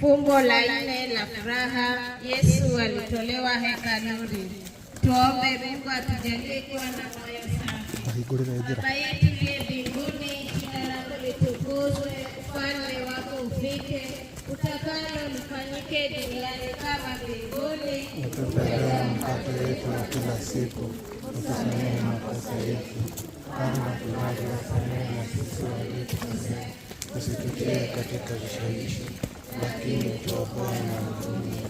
Fumbo la nne la furaha, Yesu alitolewa hekaluni. Tuombe Mungu atujalie kuwa na moyo safi. Baba yetu uliye mbinguni, jina lako litukuzwe, ufalme wako ufike, utakalo lifanyike duniani kama mbinguni. Utupe mkate wetu wa kila siku, utusamehe makosa yetu kama tunavyowasamehe na sisi waliotukosea, usitutie katika vishawishi lakini tuokoe na huzuni.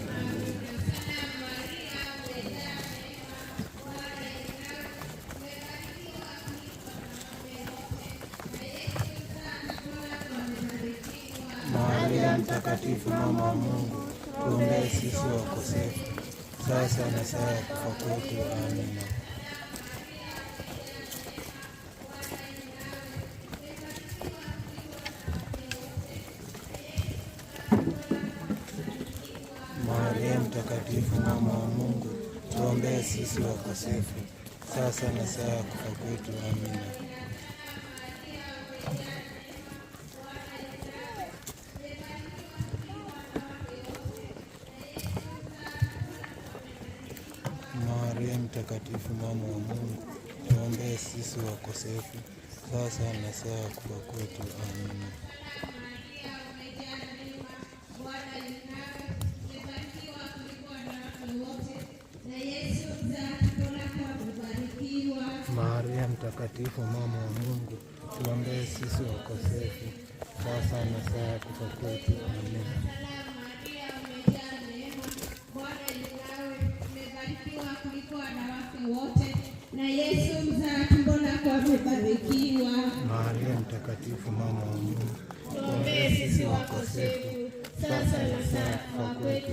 Maria Mtakatifu, mama wa Mungu, tuombee sisi wakosefu sasa na saa ya kufa kwetu. Amina. mtakatifu, mama wa Mungu, tuombee sisi wakosefu, sasa na saa ya kufa kwetu. Amina. Maria mtakatifu, mama wa Mungu, tuombee sisi wakosefu, sasa na saa ya kufa kwetu. Amina. Mtakatifu mama wa Mungu, tuombee sisi wakosefu, sasa na saa ya kufa kwetu. Amen. Maria mtakatifu mama wa Mungu, tuombee sisi wakosefu sasa na saa ya kufa kwetu.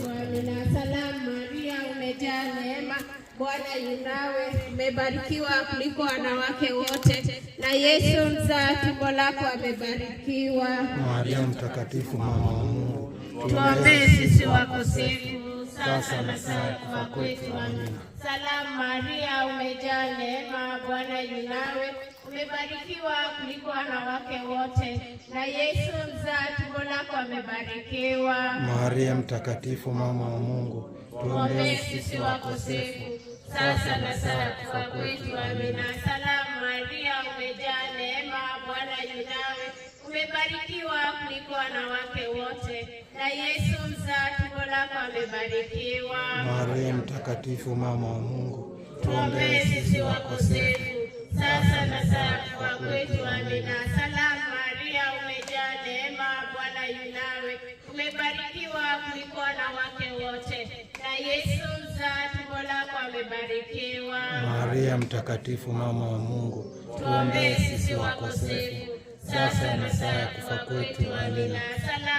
Salamu Maria, umejaa neema Bwana Yunawe, umebarikiwa kuliko wanawake wote, na Yesu mzaa tumbo lako amebarikiwa. Maria mtakatifu, mama wa Mungu, tuombee sisi wakosefu sasa na saa ya kufa kwetu. Amina. Salamu Maria, umejaa neema, Bwana yu nawe, umebarikiwa kuliko wanawake wote, na Yesu mzaa tumbo lako amebarikiwa. Maria mtakatifu, mama wa Mungu, tuombee sisi wakosefu, sasa na saa ya kufa kwetu. Amina. Salamu Maria, umejaa neema, Bwana yu nawe, umebarikiwa kuliko wanawake wote, na Yesu mzaa wamebarikiwa. Maria Mtakatifu, mama wa Mungu, tuombee sisi wakosefu sasa na saa kwa kwetu. Amina. Salamu Maria, umejaa neema, Bwana yu nawe, umebarikiwa kuliko wanawake wote, na Yesu mzaa tumbo lako amebarikiwa. Maria Mtakatifu, mama wa Mungu, tuombee sisi wakosefu sasa na saa ya kufa kwetu. Amina. Salamu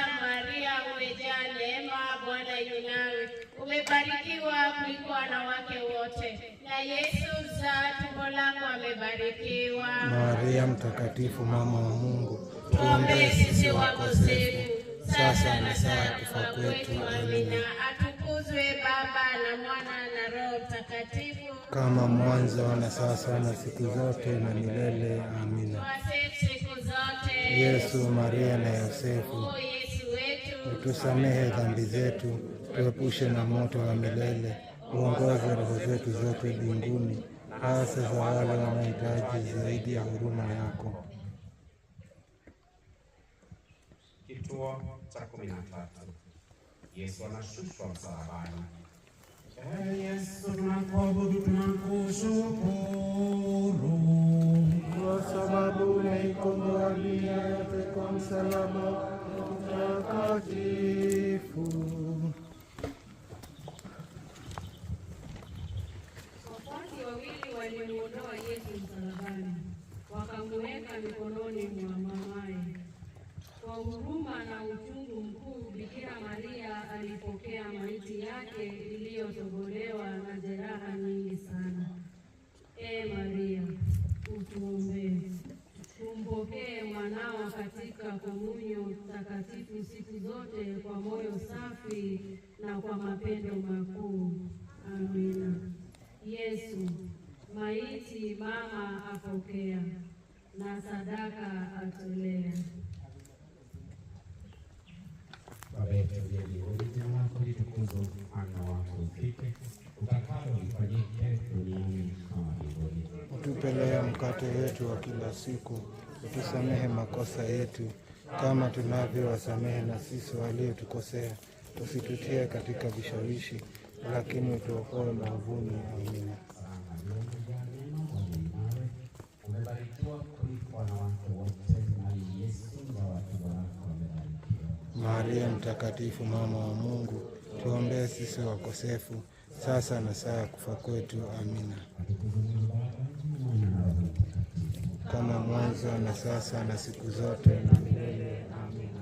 kuliko wanawake wote, na Yesu mzaa tumbo lako amebarikiwa. Maria mtakatifu, mama wa Mungu, tuombee sisi wakosefu, sasa na saa ya kufa kwetu. Amina. Atukuzwe Baba na Mwana na Roho Mtakatifu, kama mwanzo na sasa na siku zote na milele. Amina. Yesu, Maria na Yosefu, oh, utusamehe dhambi zetu tuepushe na moto wa milele, uongoze roho zetu zote mbinguni, hasa za wale wanaohitaji zaidi ya huruma yako. Kituo cha kumi na tatu. Yesu anashushwa msalabani. Ee Yesu, tunakuabudu, tunakushukuru kwa sababu umeikomboa dunia yote kwa msalaba mtakatifu. walimwondoa Yesu msalabani, wakamweka mikononi mwa mamaye. Kwa huruma na uchungu mkuu, Bikira Maria alipokea maiti yake iliyotobolewa na jeraha nyingi sana. E Maria, utuombee. Tumpokee mwanao katika komunyo takatifu siku zote kwa moyo safi na kwa mapendo makuu. Amina. Yesu maiti mama apokea na sadaka atolea. Baba yetu uliye mbinguni, jina lako litukuzwe, ufalme wako ufike, utakalo lifanyike duniani kama mbinguni. Utupe leo mkate wetu wa kila siku, utusamehe makosa yetu kama tunavyowasamehe na sisi waliotukosea, usitutie katika vishawishi, lakini utuokoe maovuni. Amina. Maria Mtakatifu, mama wa Mungu, tuombee sisi wakosefu, sasa na saa ya kufa kwetu. Amina. Kama mwanzo na sasa na siku zote na milele. Amina.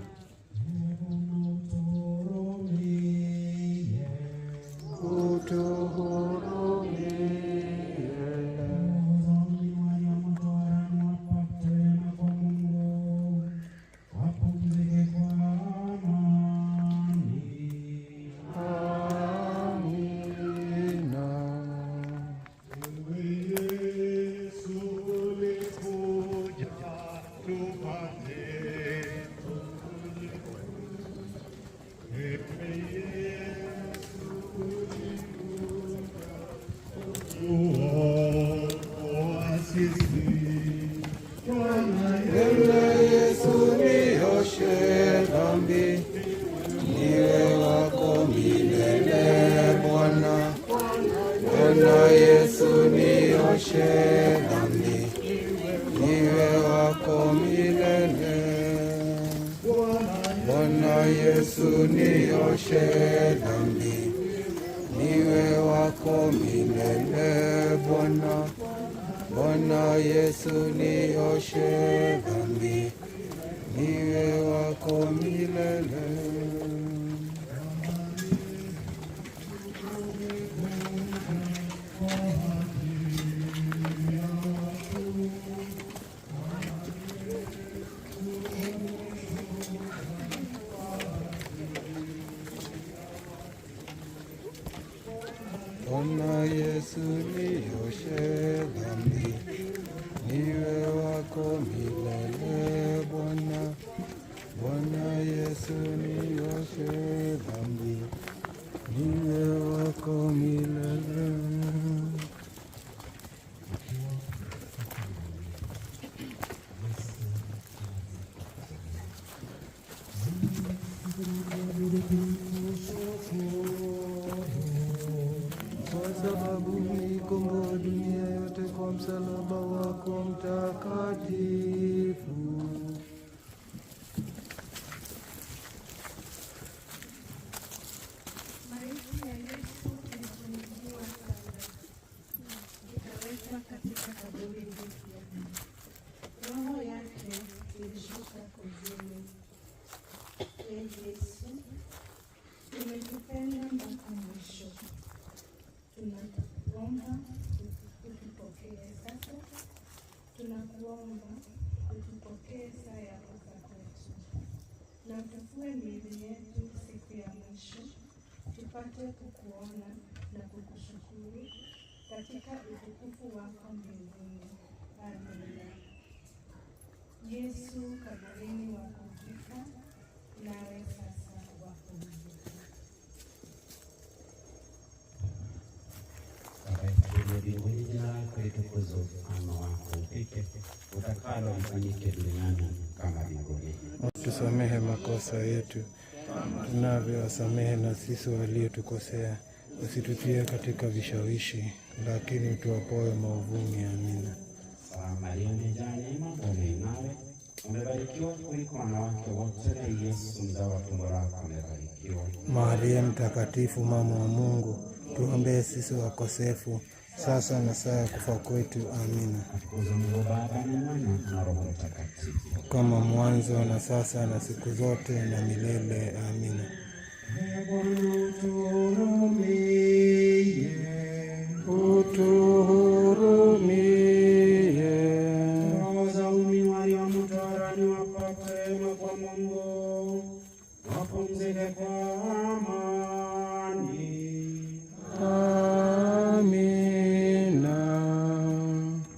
utuhurumie milele. Bwana Bwana Yesu, nioshe dhambi, niwe wako milele Yesu yoshelami niwe wako milele Bwana Bwana Yesu yoshelami niwe wako milele Thank you. Yesu ikawekwa katika kaburi roho yake ilishuka kuzimu. Ee Yesu, umetupenda mpaka mwisho, tunakuomba utupokee saa ya kufa kwetu na utufue miili yetu siku ya mwisho tupate kukuona na kukushukuru katika utukufu wako mbinguni. Amina. Yesu, kaburini wakufika, nawe sasa litukuzwe, ufalme wako ufike, utakalo lifanyike duniani kama mbinguni. Tusamehe makosa yetu tunavyowasamehe na sisi waliotukosea, usitutie katika vishawishi, lakini utuopoe maovuni. Amina. Maria umejaa neema, Bwana yu nawe, umebarikiwa kuliko wanawake wote, na Yesu mzao wa tumbo lako amebarikiwa. Maria mtakatifu, mama wa Mungu, tuombee sisi wakosefu sasa na saa ya kufa kwetu. Amina. Kama mwanzo na sasa na siku zote na milele. Amina. Utuhurumie,